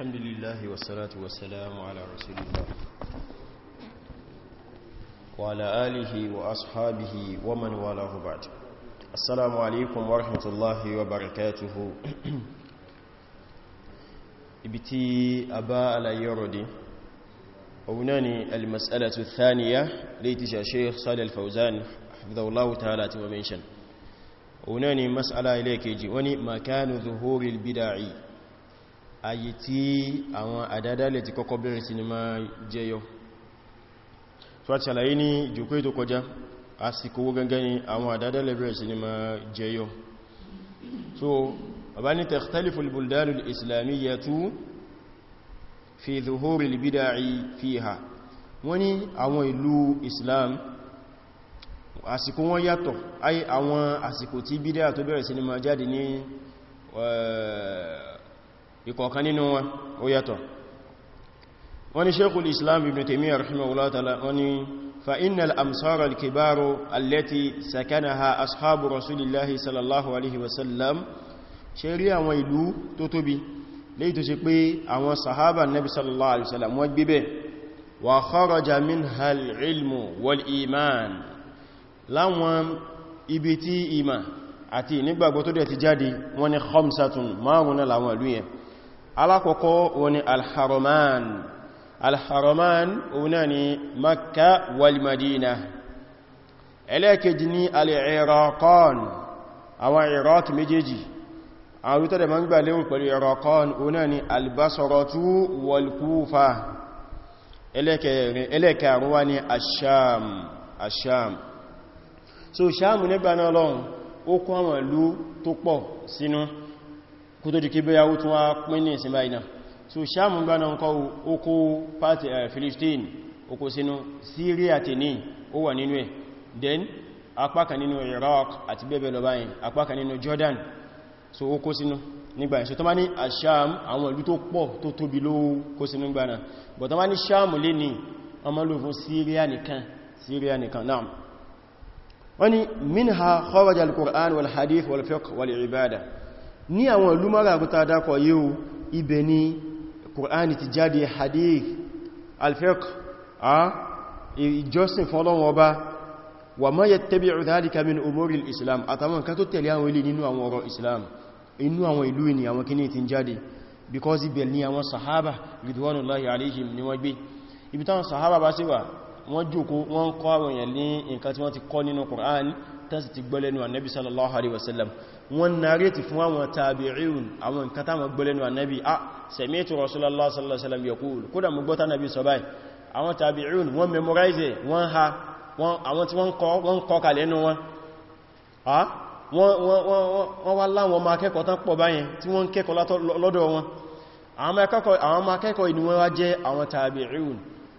الحمد لله والصلاة والسلام على رسول الله وعلى آله وأصحابه ومن والاه بعد السلام عليكم ورحمة الله وبركاته ابتي أباء الأيردي هناني المسألة الثانية ليتجا شيخ صالي الفوزان حفظه الله تعالى تمامينشا هناني مسألة إليك يجي وني مكان ظهور البداعي ayé tí àwọn àdádálẹ̀ ti kọ́kọ́ bẹ̀rẹ̀ sí ni máa jẹyọ tó a ti ṣàlàyé ní ìjòkó ètò kọjá àsìkò owó gangan ni àwọn àdádálẹ̀ bẹ̀rẹ̀ sí ni máa jẹyọ so bàbá ní tẹ̀kítẹ́lifù buldan al-islamiyyatu fi zuhuri al-bida'i fiha islam àsìkò wọn yàtọ̀ àwọn àsìkò tí bídá tó bẹ̀rẹ̀ sí ni máa jáde ní eh, ìkọ̀ọ̀kan nínú wọn ó yàtọ̀ wọ́n ni shaykhul islam ibn taymiyyah rahimahullah ta'ala wọ́n ni fa innal amsar al-kibaru allati sakanaha ashabu rasulillahi sallallahu alaihi wasallam ṣe rí àwọn ìlú tó tóbi lè tó ṣe pé àwọn sahaba nabi sallallahu alaihi wasallam wọ́n gbébẹ̀ wa kharaja minha al-ilmu wal iman alákọ̀ọ́kọ́ wọn ni alharaman alharaman òun náà ni makka walmadina ẹlẹ́ẹ̀kejì ni al'iraqan àwọn iraq méjèèjì àwọn orúta da ma ń gbà léwu pẹ̀lú iraqan òun náà ni albasaratu walkufa ni asham asham so shamu nígbà náà lọ́n ó kọ́ àwọn ìlú kú tó di kí bẹ́yà ó tún wá pín ní ìsinmi àìdá so sáàmù gbáná ń kọ́ oko pàtí Philistine oko sínú Syria tè ní ó wà nínú ẹ̀ then apákan nínú Iraq àti bẹ́ẹ̀ lọ báyìí apákan nínú Jordan so ó sínú nígbà ìṣẹ́ tó má ní àṣàm àwọn ìlú tó pọ̀ tó tóbi ló kó sínú gbà náà ní àwọn ìlú márààrúta dákọ̀ yíò ibẹ̀ ni Kùránì ti jáde hadith alfiqh a ìjọsìn fọ́lọ́wọ́ ọba wà má yattabi'u dhalika min umuri islam àtàwọn nǹkan tó tẹ̀lé àwọn ilé nínú àwọn ọ̀rọ̀ islam inú àwọn ìlú ni àwọn kíní ti jáde because ibẹ̀ ni àwọn sahaba ridwanullahi alaihim ni wọ́n gbé ibi táwọn sahaba bá sí wà wọ́n jókòó wọ́n kọ́ àwọn èèyàn tán sì ti gbọ́lẹ́nu annabi sallallahu alaihi wasallam wọ́n narẹ́tì fún àwọn tabi'un àwọn nǹkan táwọn gbọ́lẹ́nu annabi a ah, sami'tu rasulallah sallallahu alaihi wasallam yaqul kódà mú gbọ́ta nabi sọ báyìí àwọn tabi'un wọ́n memorize wọ́n ha àwọn tí wọ́n kọ kalẹ̀ nínú wọn ah, wọ́n wá láwọn ọmọ akẹ́kọ̀ọ́ tán pọ̀ báyìí tí wọ́n kẹ́kọ̀ọ́ lọ́dọ̀ wọn àwọn ọmọ akẹ́kọ̀ọ́ ìníwọ́n wá jẹ́ àwọn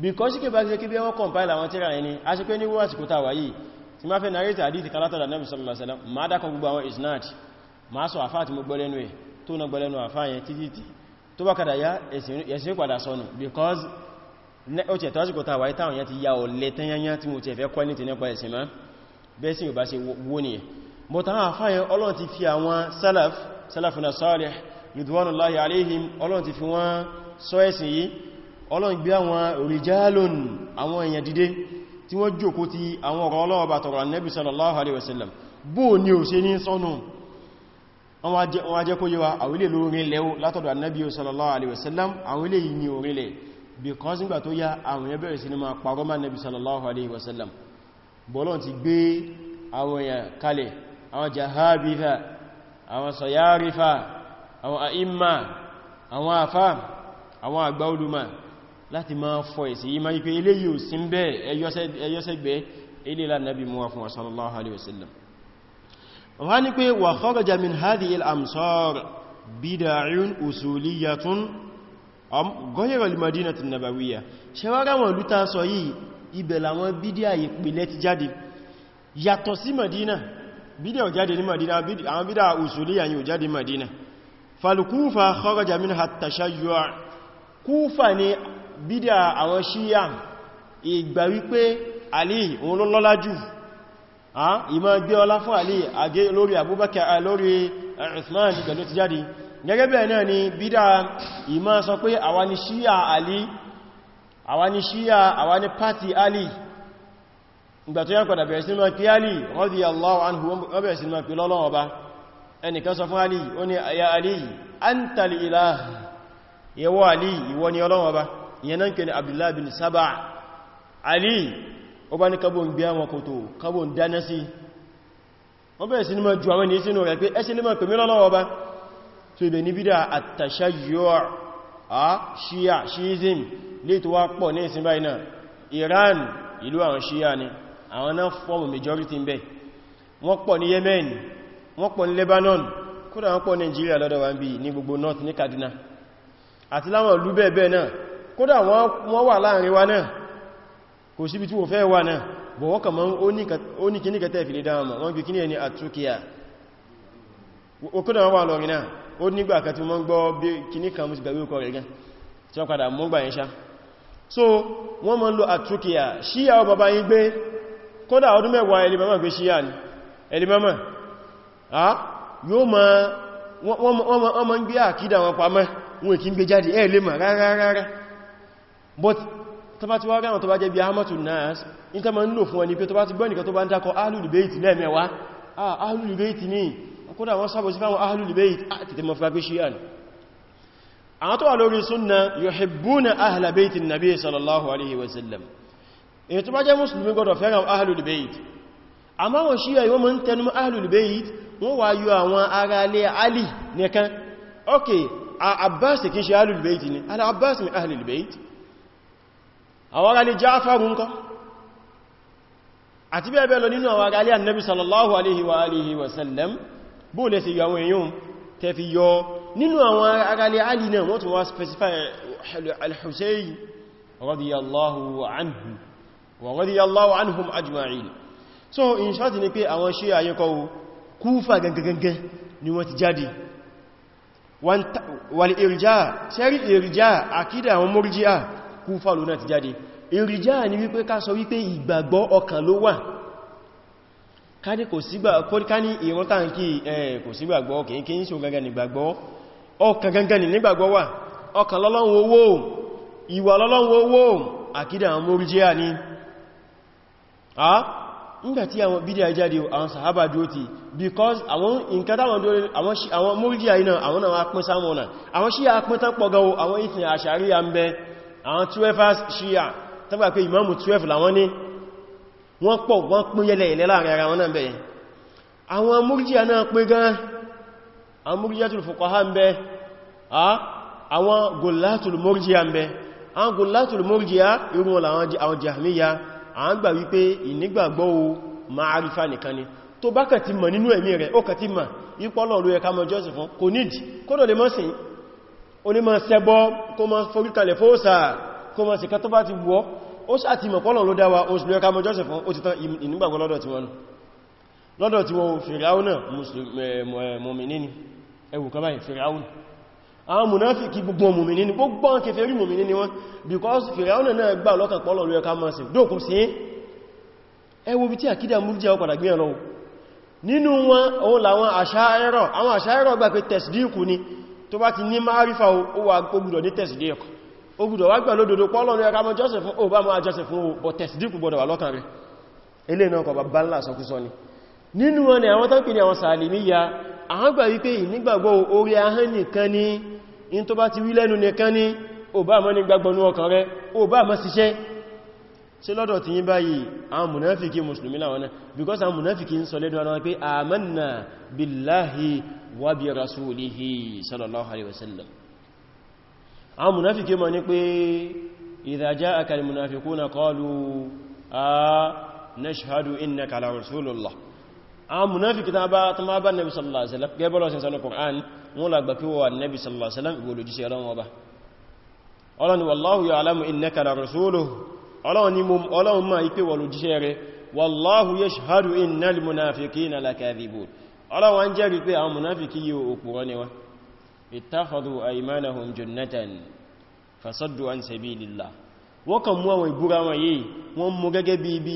because kí bá ṣe kí bí ẹwọ́ compile àwọn tíra ẹni a ṣe pé ní wọ́n àsìkòta wà yìí tí ma fẹ́ narrate àdíti kalátọ̀dà náà sallallahu alaihi wasallam ma dákan gbogbo àwọn isnad ma sọ àfá àti mo gbọ́lẹ́nu ẹ̀ tó na gbọ́lẹ́nu àfá yẹn títí tí tó bá kadà ya ẹ̀sìn padà sọnù because ó tẹ̀ tó àsìkòta Ta táwọn yẹn ti ya ọ̀lẹ́ tẹ́yẹnyẹ tí mo tẹ̀ fẹ́ kọ́ ní ti nípa ẹ̀sìn má bẹ́ẹ̀ sí ìbá ṣe wó nìyẹn but àwọn àfá yẹn ọlọ́run ti fi àwọn salaf salafuna salih ridwanullahi alaihim ọlọ́run ti fi wọ́n sọ ẹ̀sìn yìí ọlọ́run gbé àwọn rijalun àwọn èèyàn dìde tí wọ́n jókòó ti àwọn ọ̀rọ̀ ọlọ́ọ̀bà tọ̀rọ̀ annabi sallallahu alaihi wasallam bó ní ò ṣe ní sọ́nù wọ́n wá jẹ́ kó yíwa àwílé lórí lẹ́wọ́ látọ̀dọ̀ annabi sallallahu alaihi wasallam àwílé yìí ní orílẹ̀ because nígbà tó àwọn èèyàn àwọn èèyàn àwọn àgbà ulama láti máa fọ èsì yí máa yí pé ilé yíò sí ń bẹ́ ẹyọ́sẹ́gbẹ́ ilé lánàbí mú wa fún wa sallallahu alaihi wasallam wọ́n ní pé wa kharaja min hadhihi al-amsar bid'un usuliyyatun ghayra al-madinati an-nabawiyya ṣẹwàrá wọn lúta sọ yìí ibẹ̀ làwọn bídíà ìpìlẹ̀ ti jáde yàtọ̀ sí madina bídíà ò jáde ní madina àwọn bídíà usuliyya yìí ò jáde madina fal-kufa kharaja minha at kúfà ni bídà àwọn shiyam ìgbà wípé Ali òun ló lọ́lá jù ìmọ̀ gbé ọlá fún lórí Abubakar lórí Uthman pẹ̀lú ti jáde gẹ́gẹ́ náà ni bídà ìmọ̀ sọ pé àwa Ali ni shia pati Ali ìgbà Ali radiyallahu anhu wọ́n bẹ̀rẹ̀ sínú ọkí lọ́lọ́wọ́ ọba ẹnìkan Ali ya Ali Ali ìyẹn náà kẹni Abdullah bin Saba Ali ó bá ní kábọn gbé àwọn kòtò kábọn dáná sí wọ́n bẹ̀rẹ̀ sí ní máa ju àwọn ènìyàn sínú rẹ̀ pé ẹsẹ́ lè máa pè mílọ́ lọ́wọ́ bá tó ibẹ̀ ní bídá àtàṣáyọ́ à ṣíyà ṣíìzìm lè tó wá pọ̀ ní ìsìn báyìí náà Iran ìlú àwọn ṣíyà ni àwọn náà fọ́ọ̀mù majority ń bẹ wọ́n pọ̀ ní Yemen wọ́n pọ̀ ní Lebanon kódà wọ́n pọ̀ Nigeria lọ́dọ̀ wa ń bí ní gbogbo north ní Kaduna àti láwọn ìlú bẹ́ẹ̀ bẹ́ẹ̀ náà kódà wọ́n wà láàrin wa náà kò síbi tí wọ́n fẹ́ wà náà bọ̀ wọ́n kà mọ́ ó ní kíní kẹta ìfìlẹ̀ dáwọn wọ́n gbé kíní ẹni àtúkíyà okúnà wọ́n wà lọ́rin náà ó nígbà àkàtí wọ́n gbọ́ bí kíní kan músù wọ́n so lo àtúkíyà ṣíyà ọ bàbá yín gbé kódà ń gbé àkídà wọn wọn gbé jáde rárá rárá but tó bá ti wá rí àwọn tó bá jẹ́ bí ahmadu nas in tó ma ń lò fún ẹni pé tó bá ti gbọ́ nìkan tó bá ń dákọ ahlul-bayti lẹ́mẹ́wàá ahlul-bayti ní kódà wọ́n sábọ̀ sí fáwọn ahlul-bayti àtìtẹ́ ah, mọ́ fà pé ṣíyàn àwọn tó wà lórí súnnà yuhibbuna ahla bayti nabi sallallahu alaihi wasallam èyí tó bá jẹ́ musulmi àwọn ará lè Ja'far ńkọ́ àti bẹ́ẹ̀ bẹ́ẹ̀ lọ nínú àwọn ará lè annabi sallallahu alaihi wa alihi wa sallam bó lè sì yọ àwọn èèyàn tẹ fi yọ nínú àwọn ará lè alì náà wọ́n tún wá specify al-Husayn radiyallahu anhu sẹ́rí irja àkídà àwọn murji'a kúfà lónà ti jáde ìrìjá ni wípé ká sọ wípé ìgbàgbọ́ ọkàn ló wà ká ní kò sígbàgbọ́ ọkàn kí ń ṣe gangan nígbàgbọ́ ọkàn gangan nígbàgbọ́ wà ọkàn lọ́lọ́run owó ìwà lọ́lọ́run owó àkídà àwọn mórìjíà ni a nígbàtí àwọn bídíà jáde àwọn sàhábà dúró because àwọn nǹkan táwọn dúró àwọn mórìjíà iná àwọn náà pín sámọ́nà àwọn sí àpín tán pọ̀ gawo àwọn ìsìn àṣàríyà ń bẹ àwọn 12 ṣíyà tàbí pé imamu 12 làwọn ní wọ́n pọ̀ wọ́n pín yẹlẹ̀ ilẹ̀ láàrin ara wọn náà bẹ̀yẹn àwọn múrjíà náà pín gan àwọn múrjíàtul fuqaha ń bẹ àwọn gòlátùl múrjíà ń bẹ àwọn gòlátùl múrjíà irú wọn àwọn jahmiya àwọn gbà wípé ìnígbàgbọ́ o ma'arifa nìkan ni tó bá kà ti mọ̀ nínú ẹ̀mí rẹ̀ ó kà onímọ̀ sẹ́bọ́ kó mọ́ foríkalẹ̀ fóòsà kó mọ́ síkà tó bá ti wọ́ ó sáti mọ̀kọ́lọ̀ ló dáwà oṣù lẹ́ka mọ́ jọ́sẹ̀ fún ó ti tán ìnígbàgbọ́ lọ́dọ̀ tí wọ́n lọ́dọ̀ tí wọ́n fìràúnà mùmìnì ni ẹwù kan because fìràúnà náà gbà lọ́kàn pọ́lọ̀ ló ẹka mọ́ sí dókù sí ẹwù bí tí àkídà múrújẹ́ ọpàdà gbé ẹ̀rọ nínú wọn òun làwọn àṣà ẹ̀rọ àwọn àṣà ẹ̀rọ gbà pé tẹ̀sídíkù ni tó bá ti ní márífà ó wà gbogbo ní tẹ̀sìdíẹ̀kù ó gbọ́dọ̀ wá gbà lódodo pọ́lọ̀nù ẹka mọ́ joseph ó bá mọ́ ajoseph ó bọ̀ tẹ̀sìdíẹ̀kù gbọ́dọ̀ wà lọ́kàn rẹ̀ ilé náà kọ̀ bá ńlá sọkúsọ ni nínú wọn ni àwọn tán pè ní àwọn sàlìmíyà àwọn gbà wípé ìnígbàgbọ́ orí ahán ni in tó bá ti wí lẹ́nu nìkan ni ó bá mọ́ yí báyìí àwọn munafiki musulmi láwọn náà because àwọn munafiki ń sọ lẹ́nu àwọn pé amanna billahi wa bi rasulihi sallallahu alaihi wasallam àwọn munafiki mọ̀ ní pé idha ja'aka al-munafiquna qalu a nashhadu innaka la rasulullah àwọn munafiki ta bá ta ma bá nabi sallallahu alaihi wasallam gẹ́bọ́lọ́ sin sallallahu alaihi wasallam ìwòlójí sí ọlọ́wọ́ ń jẹ́rìí pé àwọn munafiki yíò òpùrọ́ ni wọ́n ittakhadhu aymanahum junnatan fasaddu an sabilillah wọ́n kàn mú àwọn ìbúra wọn yìí wọ́n mú gẹ́gẹ́ bí ibi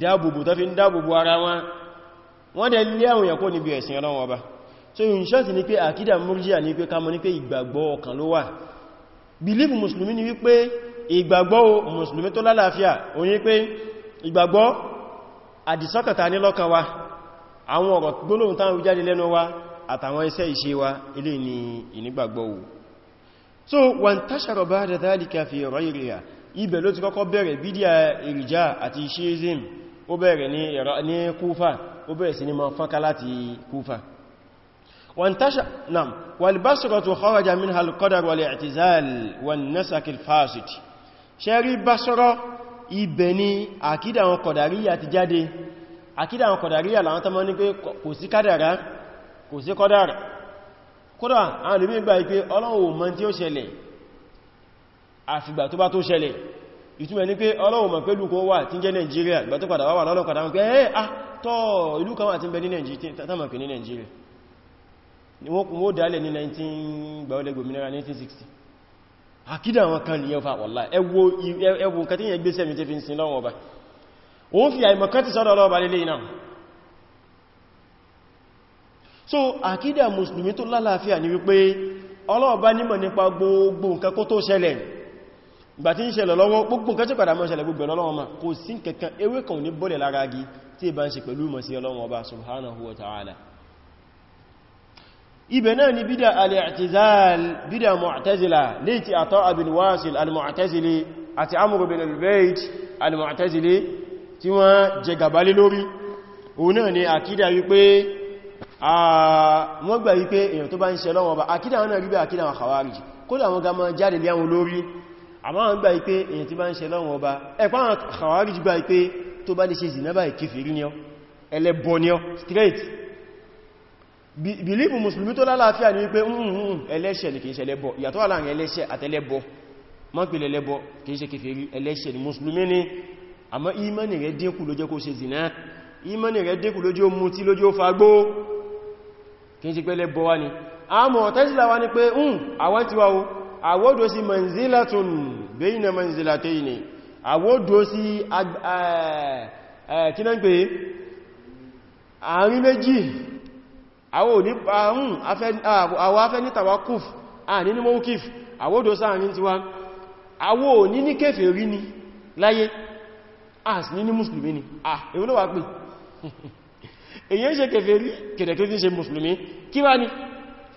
dáàbòbò tó fi ń dáàbòbò ara wọn wọ́n dẹ̀ lé àwọn yẹ̀kọ́ níbi ẹ̀sìn ni àwọn ọ̀rọ̀ gbólóhùn táwọn wí jáde lẹ́nu wa àtàwọn iṣẹ́ ìṣe wa ilé ni ìnígbàgbọ́ so wọ́n tashara ba'da dhalika fi ghayriha ibẹ̀ ló ti kọ́kọ́ bẹ̀rẹ̀ bídíà ìrìjá àti ṣíṣìm ó bẹ̀rẹ̀ ní kúfà ó bẹ̀rẹ̀ sí ní ma fánká láti kúfà wọ́n tashara nam wal basratu kharaja minha al-qadar àkídà àwọn kọ̀dàríyà làwọn tán mọ́ ní pé kò sí kádàrá kò sí kọ́dàrá kódà àwọn olùmí gbà pé Ọlọ́run ò mọ̀ tí ó ṣẹlẹ̀ àfìgbà tó bá tó ṣẹlẹ̀ ìtumọ̀ ní pé Ọlọ́run mọ̀ pé ìlú kan wà tí ń jẹ́ Nàìjíríà ìgbà tó padà wà eh, ah, ni 1960 àkídà àwọn kan nìyẹn fà wọ́lá ẹwọ nǹkan tí yẹn gbé sẹ́mi ó fi àìmọ̀kán ti sọ́dọ̀ ọlọ́ọ̀bà lélé iná so àkídà mùsùlùmí tó lálàáfíà ní wípé ọlọ́ọ̀bá nímọ̀ nípa gbogbo nǹkan kó tó ṣẹlẹ̀ ìgbà tí ń ṣẹlẹ̀ lọ́wọ́ gbogbo nǹkan tí padà mọ́ ṣẹlẹ̀ gbogbo ọlọ́wọ́ ma kò sí kankan ewé kan ní bọ́lẹ̀ lára gi tí ìbá ń ṣe pẹ̀lú mọ̀ sí ọlọ́wọ́ ọba subhanahu wa ta'ala ibẹ̀ náà ni bídà al bídà mu'tazila léti àtọ́ abin wasil àti amuru bin al tí wọ́n jẹ gàbálé lórí òun náà ni àkídà wípé wọ́n gbà wípé èyàn tó bá ń ṣe lọ́wọ́ bá àkídà wọn náà rí bí àkídà wọn Khawarij kódà wọn ga máa jáde lé àwọn olórí àmọ́ wọn gbà wípé èyàn tí ni ọ ẹlẹ́bọ ni ọ straight ni kìí ṣe ẹlẹ́bọ ìyàtọ̀ wà láàrin ẹlẹ́ṣẹ̀ àtẹlẹ́bọ mọ́ pẹ̀lẹ̀ ẹlẹ́bọ àmọ́ ìmánì rẹ̀ dínkù ló jẹ́ kó ṣe zìná ìmánì rẹ̀ dínkù ló jẹ́ ó mutí ló jẹ́ ó fagbó kí n ti pẹ́lẹ̀ bọ́ wá ní àmọ́ tẹ́sílà wá ní pé ń àwọn tí wá o àwọ́dó sí manzilatun tawakuf eh, eh, àní ní mọ́kif àwọ́dó sáàrin tiwa àwọ́ ní ni láyé as ní musulmi ni ah èwo ló pè èyí ń ṣe kèfèrí kẹ̀dẹ̀kẹ́ tí ń ṣe musulmi kí wá ní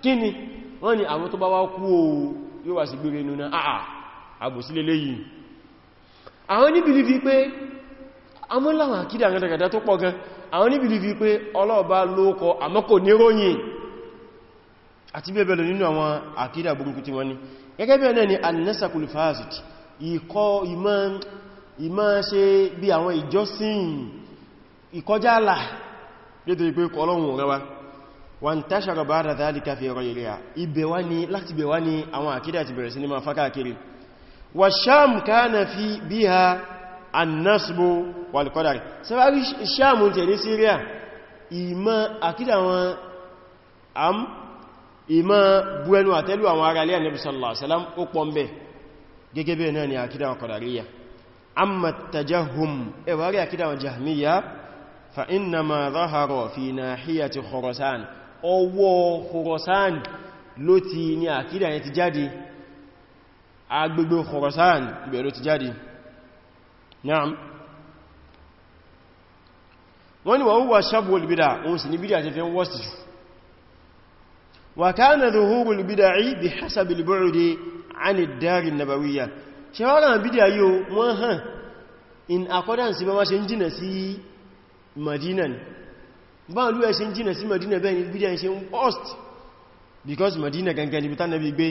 kí ni wọ́n ni àwọn tó bá wá kú o yóò wá sí gbére inú náà àà àbòsílélé yìí àwọn ní bìlìfì pé amúláwà kídà rẹ̀dẹ̀rẹ̀dẹ̀ tó pọ̀ gan àwọn ní bìlìfì pé ọlọ́ọ̀bá lóókọ àmọ́ kò níròyìn àti bẹ́ẹ̀bẹ̀lẹ̀ nínú àwọn àkídà burúkú tí wọ́n ní gẹ́gẹ́ bẹ́ẹ̀ náà ni ìmá ṣe bí àwọn ìjọsìn ìkọjálà nítorí pé kọlọ́hun rẹwa wọ́n tàṣàrọ̀ bá rẹ̀ tàbí káfí ẹ̀rọ ìrìyà ibẹ̀wá ni láti bẹ̀wá ni àwọn àkídà ti bẹ̀rẹ̀ sí ní ma fákàkiri wà sham kánà fi bí ha annasbo walqadar sáfárí sham am ìmá buẹnu àtẹ́lú àwọn ará ilé Ànábì sallallahu alaihi wasallam ó pọ̀ ń ni àkídà wọn أما التجهم إباري أكيد وجهمية فإنما ظهر في ناحية خرسان ọwọ́ Khurasan ló ti ní àkídà yẹn ti jáde agbègbè Khurasan ibẹ̀ ló ti jáde náà wọ́n ni wọ́n wà ṣàbò olùbídà oun sì ní bídà ti fi ń wọ́sì jù wà káà na zuhúrù olùbídà rí bí hasabi olùbídà rí ṣe wá rán bídí ayé wọ́n hàn in accordance bá wá ṣe ń jìnà sí Madina ni bá lú ẹ ṣe ń jìnà sí Madina bẹ́ẹ̀ ni bídí ayé ṣe ń post because Madina gangan ni bítá nàbí gbé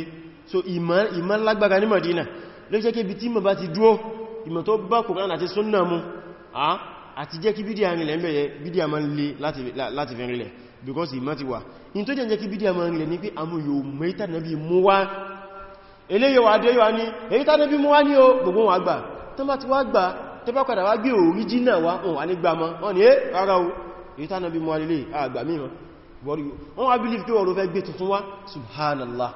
so ìmọ̀ lágbára ní Madina ló jẹ́ kí bítí mọ̀ bá ti dúó ìmọ̀ tó bá Kùrán àti súnnà mu àti jẹ́ kí bídí àrin lẹ́mẹ̀ẹ́ bídí àmà ń lè láti fi rinlẹ̀ because ìmọ̀ ti wà in tó jẹ́ kí bídí àmà ń lè ní pé àmú yóò mẹ́ta nàbí mú wá eléyọ̀ adéyọ̀ ní èyí tánà bí o gbogbo wọn àgbà tó bá ti wá gbà tó bá padà wá gbé òríjínà wá wọn wà ní gbàmọ́ wọn ni é ara o èyí tánà bí wọ́n subhanallah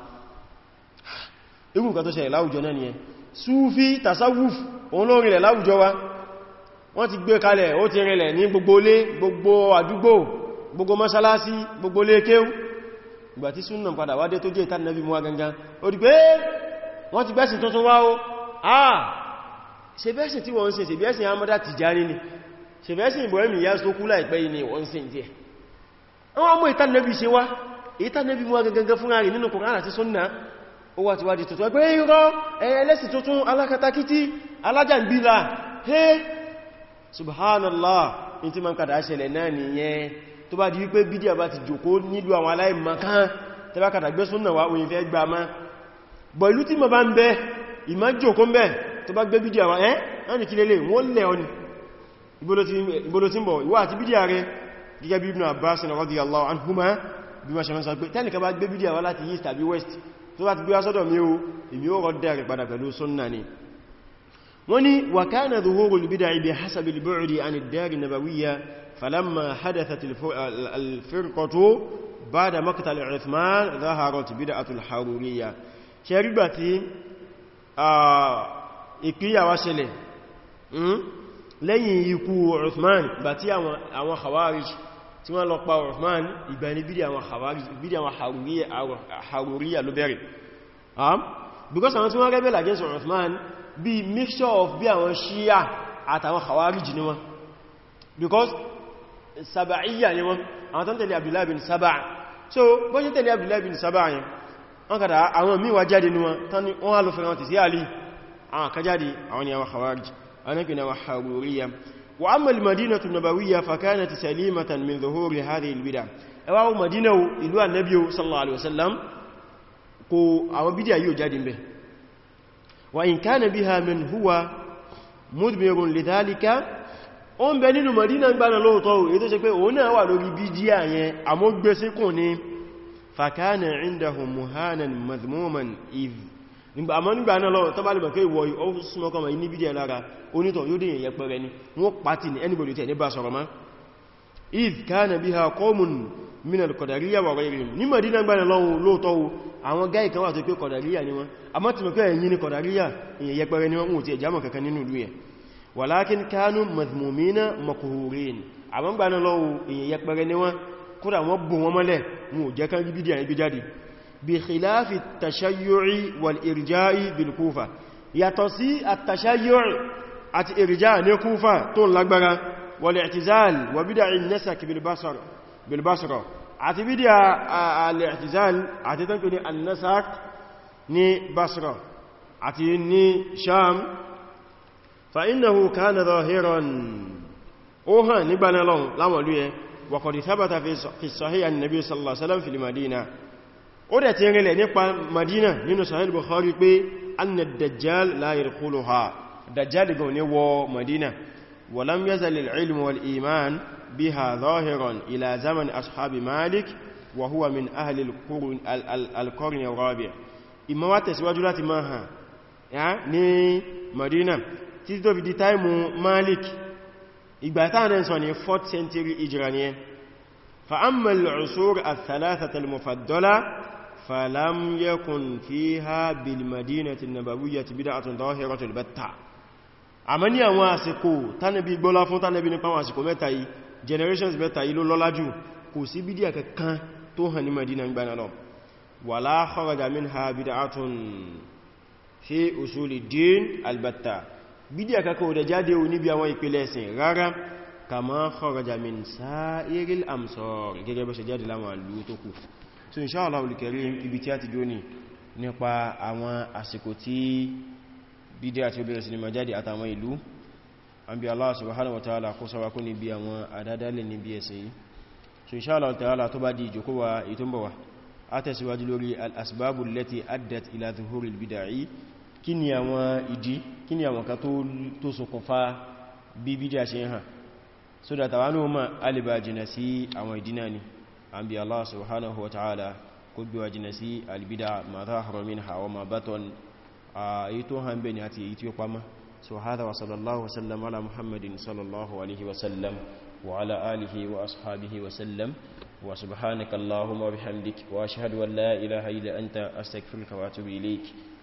irú nǹkan tó ṣẹlẹ̀ láwùjọ náà nìyẹn súfí tasawuf òun ló rìnlẹ̀ láwùjọ wa wọ́n ti gbé kalẹ̀ ó ti rìnlẹ̀ ní gbogbo ilé gbogbo àdúgbò gbogbo mọ́sálásí gbogbo ilé kéwú ìgbà tí súnnà padà wádé tó jẹ́ ìtànàbí mú wa ó di pé wọ́n ti gbẹ́sìn tuntun wá ó àà ah, ṣe bẹ́sìn tí wọ́n ń ṣe ṣe bẹ́sìn amọ́dá Tìjàní ni ṣe bẹ́sìn ìbọ̀ẹ́mì ya sókú láìpẹ́ yìí ni wọ́n ṣe ń jẹ́ àwọn ọmọ ìtànẹ́bì ṣe wá ìtànẹ́bì mú agagagẹ́ fún ààrẹ nínú Kùránì àti Súnnà ó wà ti wá di tuntun ẹgbẹ́ irọ́ ẹlẹ́sìn tuntun alákatakítí alájàngbìlà hé subhanallah in ti ma ń kàdà ṣẹlẹ̀ náà nìyẹn tó bá di wípé bídíà bá ti jòkó nílùú àwọn aláìmọ̀kan tẹ́bá kàdà gbé Súnnà wá òyìnfẹ́ gbà máa bọ̀ ìlú tí ma bá ń bẹ́ ìmájò kó ń bẹ́ tó bá gbé bídíà wá ẹ́ ẹ́nì kí lélẹ̀ wọ́n lẹ̀ ọ́nì ìbòlò tí ń bọ̀ ìwà àti bídíà rẹ gẹ́gẹ́ bí Ibn Abbas radiyallahu anhuma bí ma ṣe mọ́ sọ ṣe rígbà tí ìpínyàwó ṣẹlẹ̀ hmm? lẹ́yìn ikú Uthman bá tí àwọn Khawarij tí wọ́n lọ pa Uthman ìgbà ní bídí àwọn Khawarij bídí àwọn Haruriya ló bẹ̀rẹ̀ because àwọn tí wọ́n rebel against Uthman bí mixture of bí àwọn Shia àtàwọn Khawarij ni wọ́n because Saba'iyya ni wọ́n àwọn tán tẹ̀lé Abdullah bin Saba so bọ́n tẹ̀lé Abdullah bin Saba yẹn wọ́n kàdà àwọn míwà jáde ní wọn tán ní wọ́n lọ fẹ́ràn ti sí àlì àwọn kan jáde àwọn ni àwọn khawarij àwọn kìí àwọn haruriya wa amma al-madina an-nabawiyya fa kanat salimatan min dhuhuri hadhihi al-bid'a ẹwà wọ madina ìlú annabi sallallahu alaihi wasallam kò àwọn bídíà fàkánà ìndahùn muhanan mazmuman if àmọ́ nígbà náà lọ tó bá lè mọ̀kẹ́ ìwọ̀ ìwọ̀súnmọ́kọ́ ma ní bídẹ̀ lára onítọ̀ yóò dìyàn yẹ pẹ̀rẹ ni wọ́n pàtí ní anybody tẹ̀ ní bá sọ̀rọ̀ má if kánà bí ha kọ́mùn minal kọ̀dàríyà wà rẹ̀ ní Madina gbà náà lóòtọ́ àwọn gáì kan wà tó pé kọ̀dàríyà ni wọ́n àmọ́ tí mọ̀kẹ́ ẹ̀yìn ni kọ̀dàríyà ìyẹn yẹpẹrẹ ni wọ́n bù wọn mọ́lẹ̀ wọn ò jẹ́ kan rí bídíà yẹn gbé jáde bí khilafi tashayuri wal irja'i bil kufa yàtọ̀ sí àtàṣayuri àti irja ní kufa tó lágbára wal i'tizal wa bídíà nasak bil basra àti bídíà al-i'tizal àti tánkù ní annasak àti وقد ثبت في الصحيح النبي صلى الله عليه وسلم في المدينة قدت يقول نقبى مدينة من صحيح البخاري أن الدجال لا يرقلها الدجال يقول هو مدينة ولم يزل العلم والإيمان بها ظاهرا إلى زمن أصحاب مالك وهو من أهل القرن, القرن الرابع إما واتسوا جلات ماها ني مدينة تيزدو بدي تايمو مالك ìgbàtà náà sọ ní 4th century ìjìrà ní ẹ فأما العصور الثلاثة المفضلة فلم يكن فيها بالمدينة النبوية بدعة ظاهرة البتة àmọ́ ní àwọn àsìkò tánàbí gbọ́lá fún tánàbí nípa àwọn àsìkò mẹ́ta yìí generations mẹ́ta yìí ló lọ́lá jù kò sí bídíà kankan tó hàn ní Madina gbaná lọ wala kharaja minha bid'atun fi usuli din albatta bídíà kankan ò dẹ̀ jáde ò níbi àwọn ìpìlẹ̀ ẹ̀sìn rárá kama kharaja min sa'iril amsar gẹ́gẹ́ bó ṣe jáde láwọn ìlú tó kù so insha Allah al-karim ibi tí a ti jóni nípa àwọn àsìkò tí bídíà tí ó bẹ̀rẹ̀ sinima jáde àtàwọn ìlú an bí Allah subhanahu wa ta'ala kó sọwa kó níbi àwọn al-asbabul lati addat ila zuhuril bida'i kí ni àwọn ìdí kí ni àwọn kan tó ṣokùnfà bí bídíà ṣe hàn so da tàwà ní ma alìbà jìnà sí àwọn ìdí náà ni an bí Allah subhanahu wa ta'ala kó bí wa jìnà sí alìbídà ma zahara minha wa ma baton a yi tó hàn bẹ̀ ni àti èyí tí ó pamọ́ so hada wa sallallahu wa sallam ala muhammadin sallallahu alaihi wa sallam wa ala alihi wa ashabihi wa sallam wa subhanakallahumma wa bihamdik wa ashhadu an la ilaha illa anta astaghfiruka wa atubu ilayk